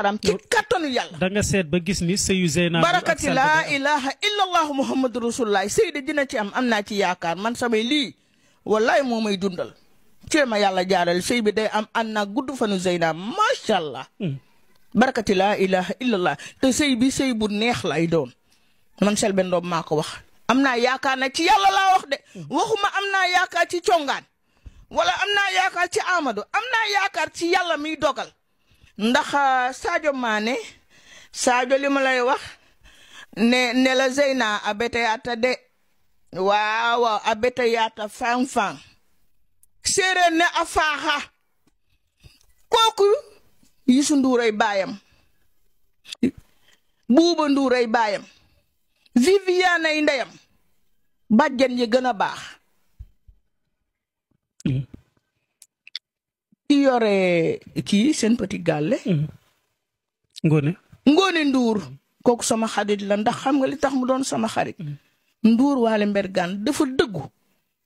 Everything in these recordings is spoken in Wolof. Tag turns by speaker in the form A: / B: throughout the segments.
A: haram ci kattanu yàlla
B: da nga seet ba gis ni sëyu Zeyna barakati laa
A: ilaha illallah muhammadu rasulullah sëy de dina ci am am naa ci yaakaar man samay lii wallaay moo may dundal cee ma yàlla jaaral sëy bi day am an naa fanu Zeyna macha hmm. barakati laa ilaha illallah te sëy bi sëy bu neex lay doon man Selbé Ndom maa ko wax am naa yaakaar na ci yàlla laa wax de hmm. waxuma am naa yaakaar ci congaan wala am naa ci Amadou am naa ci yàlla miy dogal ndax euh, Sadio Mané saajo li lay wax ne ne la Zeyna abete yaata de waaw abete yaata fan-fan séeréer ne a faaxa kooku Youssou Ndour baayam Bouba Ndour baayam Viviane ndeyam bàjjen yi gën a baax mm. ki yore kii seen petit gàlle mhm. ngóone ngóone nduur kooku sama xarit la ndax xam nga li tax mu doon sama xarit mhm. nduur waale mber mbergaan dafa dëggu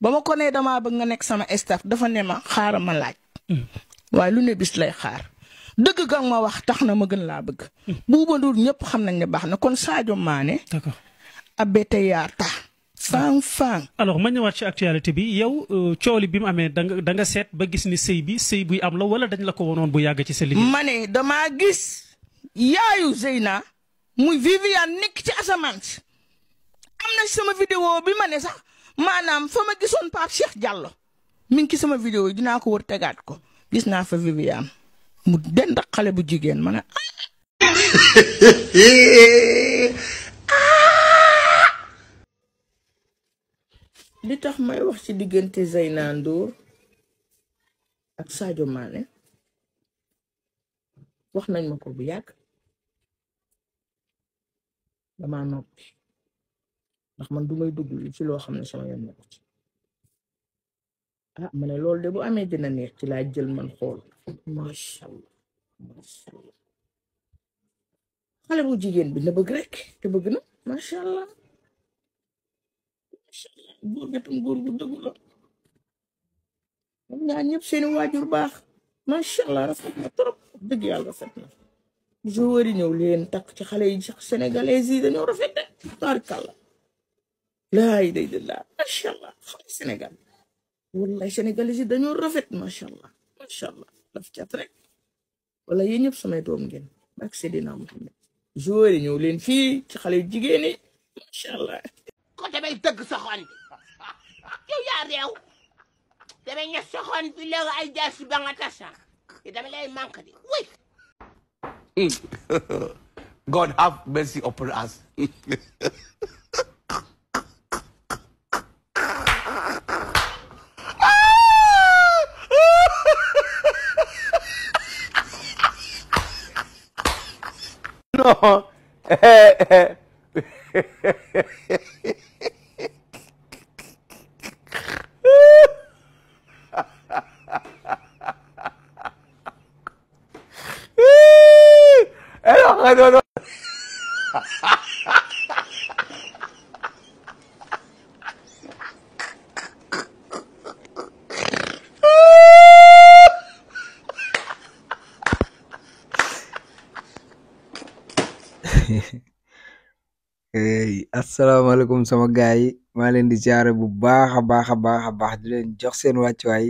A: ba ma ko nee damaa bëgg nga nekk sama staff dafa ne ma xaaral ma laaj mhm. waaye lu ne bis lay xaar dëgg ga ma wax tax na ma gën laa bëgg buuba nduur ñëpp xam nañ ne baax na kon Sadio Mané abbete yaar fan fan
B: alors ma ñëwaat ci actualité bi yow euh, cooli bi mu amee da nga da nga seet ba gis ni sëy bi sëy buy am la wala dañ la ko wonoon bu yàgg ci sa liggéey.
A: ma ne damaa gis yaayu Zeyna muy Viviane nekk ci asamaan si am na sama vidéo bi ma ne sax maanaam fa ma gisoon Pape Cheikh Diallo mi ngi ci sama vidéo yi dinaa ko wër tegaat ko gis naa fa Viviane mu dend xale bu jigéen ma ne ah. li tax may wax ci diggante Zeyna Ndour ak Sadio Mané wax nañ ma ko bu yàgg dama noppi ndax man du may dugg ci loo xam ne sama yoon nekku ci ah ma ne loolu de bu amee dina neex ci laa jël man xool macha allah xale bu jigéen bi na bëgg rek te bëgg na macha allah góor ga tam góor gu dëggu la ñoom ñaar ñëpp seeni waajur baax macha allah rafet na trop dëgg yàlla rafet na joueur yi ñëw leen takk ci xale yi sax sénégalais dañoo rafet de taarikàlla laay day de laa macha allah xale sénégal wallaay sénégalais yi dañoo rafet macha allah macha allah daf cat rek wala yéen ñëpp samay doom ngeen barke Seydina Muhammad joueur ñëw leen fii ci xale yu jigéen macha allah ko damay dëgg soxoon bi yow yaa réew damay ña soxoon bi léegi ay jaas ba nga tasa dama lay manqué di oui. God have mercy upon us. no.
C: asalaamaaleykum sama gaay yi maa leen di jaare bu baax a baax a baax a baax di leen jox seen wàccuwaay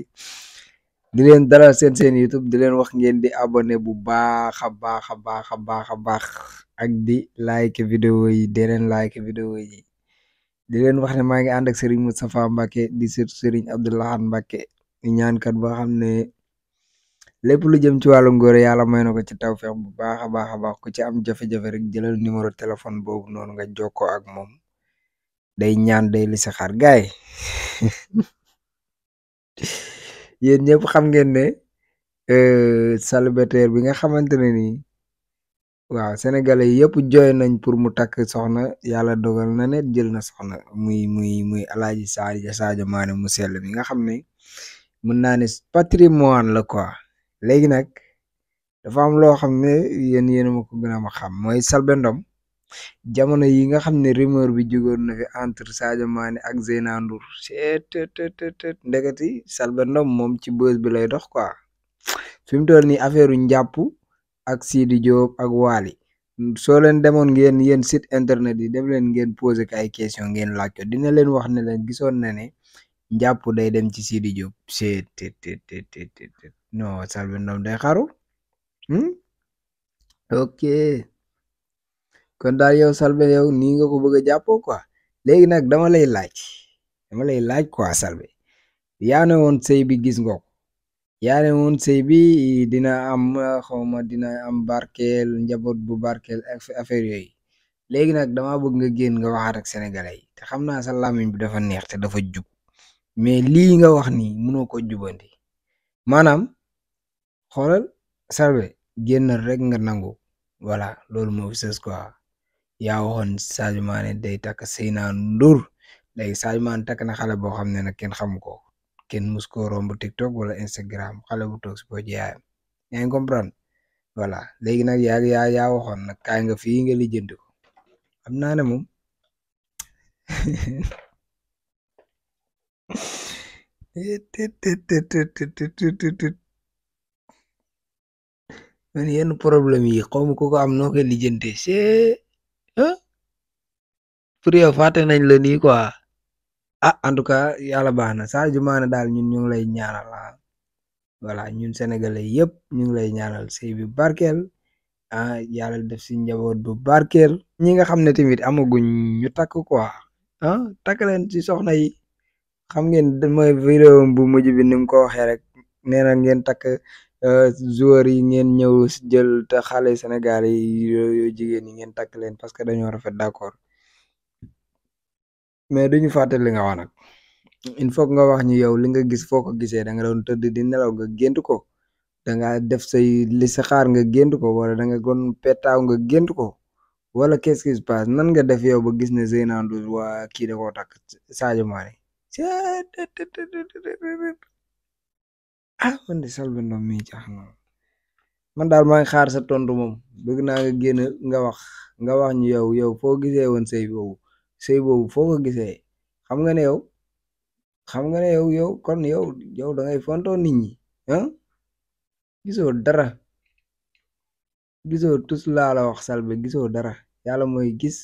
C: di leen dalal seen seen YouTube di leen wax ngeen di abonné bu baax a baax a baax a baax a baax ak di like vidéo yi di leen like di leen wax ne maa ngi ànd ak Serigne Moustapha Mbacke di sët Serigne Abdoulahan Mbacke ñaan kat ba xam ne lépp lu jëm ci wàllu ngóor yàlla may na ko ci tawfeex bu baax a baax a baax ku ci am jafe rek jëlal numéro téléphone boobu noonu nga jokkoo ak moom day ñaan day li saxaar gaay yéen ñëpp xam ngeen ne euh, célibataire bi nga xamante ne nii waaw sénégalais yëpp jooy nañ pour mu takk soxna yàlla dogal na ne jël na soxna muy muy muy alaaji Sadio Sadio Mané mu sell mi nga xam ne mën naa ne patrimoine la quoi léegi nag dafa am loo xam ne yéen yéen ma ko a xam mooy Selbé Ndom jamono yi nga xam ne rumeur bi jógoon na fi entre Sadio Mané ak Zeyna Ndour seet ndeketi Selbé Ndom moom ci bës bi lay dox quoi fi mu toll nii affaire njàpp ak Sidi Diop ak Waly soo leen demoon ngeen yéen site internet yi dem leen ngeen posé ko ay question ngeen laaj ko dina leen wax ne leen gisoon na ne njàpp day dem ci Sidi Diop seet No, hmm? salve ndam day xaru ok kon daal yow salbe yow nii nga ko bëgg a jàppoo ko léegi nag dama lay laaj dama lay laaj quoi salve yaa ne woon sëy bi gis nga ko yaa ne woon sëy bi dina am xawma dina am barkeel njaboot bu barkeel affaire yooyu léegi nag dama bëgg nga génn nga waxaat ak sénégalais yi te xam naa sa làmmiñ bi dafa neex te dafa jub mais lii nga wax ni mënoo ko jubandi maanaam xoolal Salvé génnal rek nga nangu voilà loolu moo fi sës quoi yaa day takk Seyna Ndour léegi Sadio takk na xale boo xam ne na kenn xamu ko kenn mus ko romb TikTok wala Instagram xale bu toog si boo jaayam yaa ngi comprendre voilà léegi nag yaa yaa yaa nga fii nga lijjanti ko xam naa ne moom man yenn problème yi xaw ma ko am noo koy lijjante c'est ah nañ la nii quoi ah en tout cas yàlla baax na Sadio Mané daal ñun ñu ngi lay ñaanal ah. voilà ñun sénégalais yëpp ñu ngi lay ñaanal sëy bi barkeel ah yàlla def si njaboot bu barkel ñi nga xam ne tamit amaguñ ñu takk quoi ah takk leen ci soxna yi xam ngeen mooy vidéo bu mujj bi nim ko waxee rek nee na ngeen takk Euh, joueurs yi ngeen ñëw jël te xale Sénégal yi yooyu jigéen yi ngeen takk leen parce que dañoo rafet d'accord mais duñu fàtte li nga wax nag il faut nga wax ñu yow li nga gis foo ko gisee da nga doon tëdd di nelaw ga gént ko da nga def say li sa xaar nga gént ko wala da nga gon petaaw nga gént ko wala qu'est-ce passe nan nga def yow ba gis ne Zeyna Ndour waa kii da koo takk Sadio Mané ah man de Selbé Ndom mi jaax man daal maa ngi xaar sa tontu moom bëgg naa nga génn nga wax nga wax ñu yow yow foo gisee woon sëy boobu sëy boobu foo gisee xam nga ne yow xam nga ne yow yow kon yow yow da ngay fontoo nit ñi ah dara gisoo tus laa wax Selbé gisoo dara yàlla mooy gis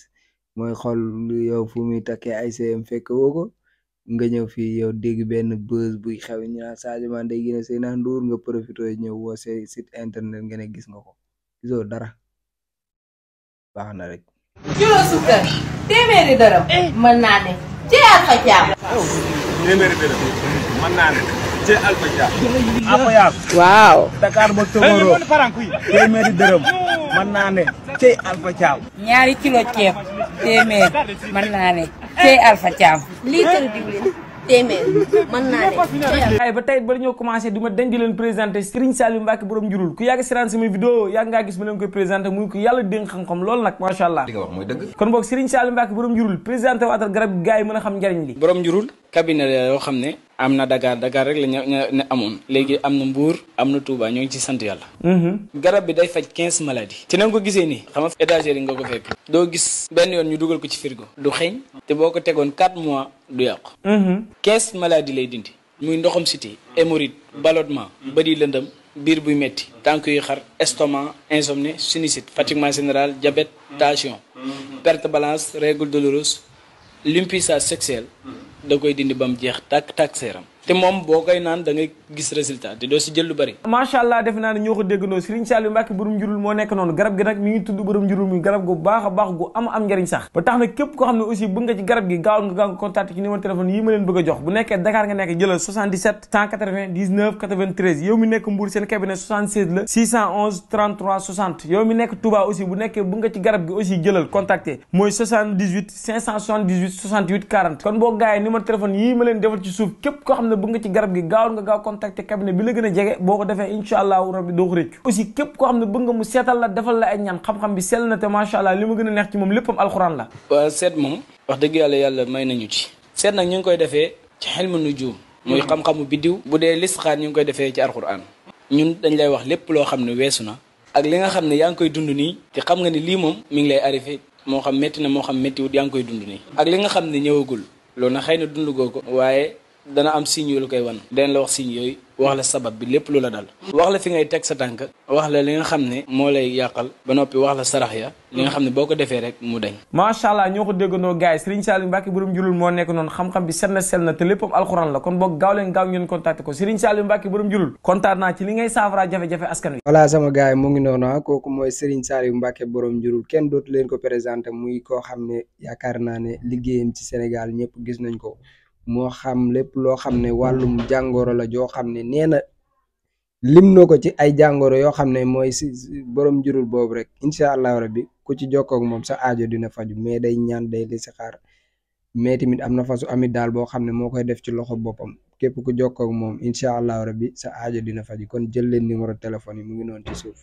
C: mooy xool yow fu muy takkee ay sëyam fekk woo nga ñëw fii yow dégg benn buzz buy xew ñu naan Sadio Mané day nga profito ñëw woo say site internet nga ne gis nga ko gisoo dara baax na rek. juróom sukkand
A: eh. téeméeri dërëm. mën naa ne ci Alpha Dakar ba Tomoro téeméeri dërëm mën naa ñaari kilo ceeb téeméer mën naa tey Alpha Thiam.
B: litre diwlin téeméer mën naa ne. waaye ba tey ba ñoo commencé du ma denc leen présenté Serigne Saliou Mbacke borom njurul ku yàgg siraan samay vidéo yàgg ngaa gis mu leen koy présenté muy ko yàlla dénk xam-xam loolu nag macha allah. li nga wax mooy dëgg. kon boog Serigne Saliou Mbacke borom njurul présenté waatal garab gi gars a xam njariñ li.
D: borom njurul cabinet la yoo xam ne am na Dakar Dakar rek la ñu amoon léegi am na mbuur am na Touba ñoo ngi ci sant yàlla. Mm-hmm. garab bi day faj quinze maladie ci na nga ko gisee nii xam nga étagère yi nga ko fekk. doo gis benn yoon ñu dugal ko ci frigo. du xeeñ te boo ko tegoon quatre mois du yàqu. Mm-hmm. quinze maladies lay dindi. muy ndoxam siti hémorroïde ballonnement bëri lëndëm biir buy metti tànk yu xar estomac insomnie sinusite fatiguement général diabète tension mm-hmm. perte balance règle douloureuse limpissage sexuel da koy dindi ba mu jeex tàkk tàkk seeram te moom boo koy naan da ngay gis résultat te doo si jël lu bëri
B: macha allah defe naa ne ñoo ko déggandoo Serigne Saliou Mbacke borom njurul moo nekk noonu garab gi nag mi ngi tudd borom njurul muy garab gi gaawal nga gaaw nga contacté ci numéro téléphone yi ma leen defal ci suuf képp koo xam ne bëgg nga ci garab gi gaawal nga gaaw contacter cabinet bi la gën a jege boo ko defee incha allahu rabbi doo ko réccu aussi képp koo xam ne bëgg nga mu seetal la defal la ay ñaan xam-xam bi sell na te macha allah li ma gën a neex ci moom léppam alxuraan la
D: waaw seet moom wax dëgg yàlla yàlla may nañu ci seet nag ñu ngi koy defee ci xilmu nujum muy xam-xamu biddiw bu dee listixaar ñu ngi koy defee ci alxuraan ñun dañ lay wax lépp loo xam ne weesu na ak li nga xam ne yaa ngi koy dund nii te xam nga ni lii moom mi ngi lay arrivé moo xam métti na moo xam méttiwut yaa ngi koy dund nii ak li nga xam ne ñëwagul loolu na xëy na dund goo ko dana am signe yooyu lu koy wan dana la wax signe yooyu wax la sabab bi lépp lu la dal wax la fi ngay teg sa tànk wax la li nga xam ne moo lay yàqal ba noppi wax la sarax ya li nga xam ne boo ko defee rek mu dañ
B: macha allah ñoo ko déggandoo gars yi Serigne Saliou borom julul moo nekk noonu xam-xam bi set na sel na te léppam alxuraan la kon boog gaaw leen gaaw ngeen contacté ko Serigne Saliou Mbacke borom julul kontaan naa ci li ngay saafara jafe-jafe askan wi
C: voilà sama gars yi mu ngi noonu ah, kooku mooy Serigne Saliou Mbacke borom julul kenn dootu leen ko muy koo xam ne yaakaar naa ne liggéeyam ci Sénégal ñëpp gis nañ ko moo xam lépp loo xam ne wàllum jàngoro la joo xam ne nee na lim na ko ci ay jàngoro yoo xam ne mooy si borom jurul boobu rek incha allahu rabbi ku ci jokkoog moom sa aajo dina faju mais day ñaan day listixaar mais tamit am na fasu amit daal boo xam ne moo koy def ci loxo boppam képp ku jokkoog moom incha allahu rabbi sa aajo dina faju kon jël leen numéro téléphone yi mu ngi noon ci suuf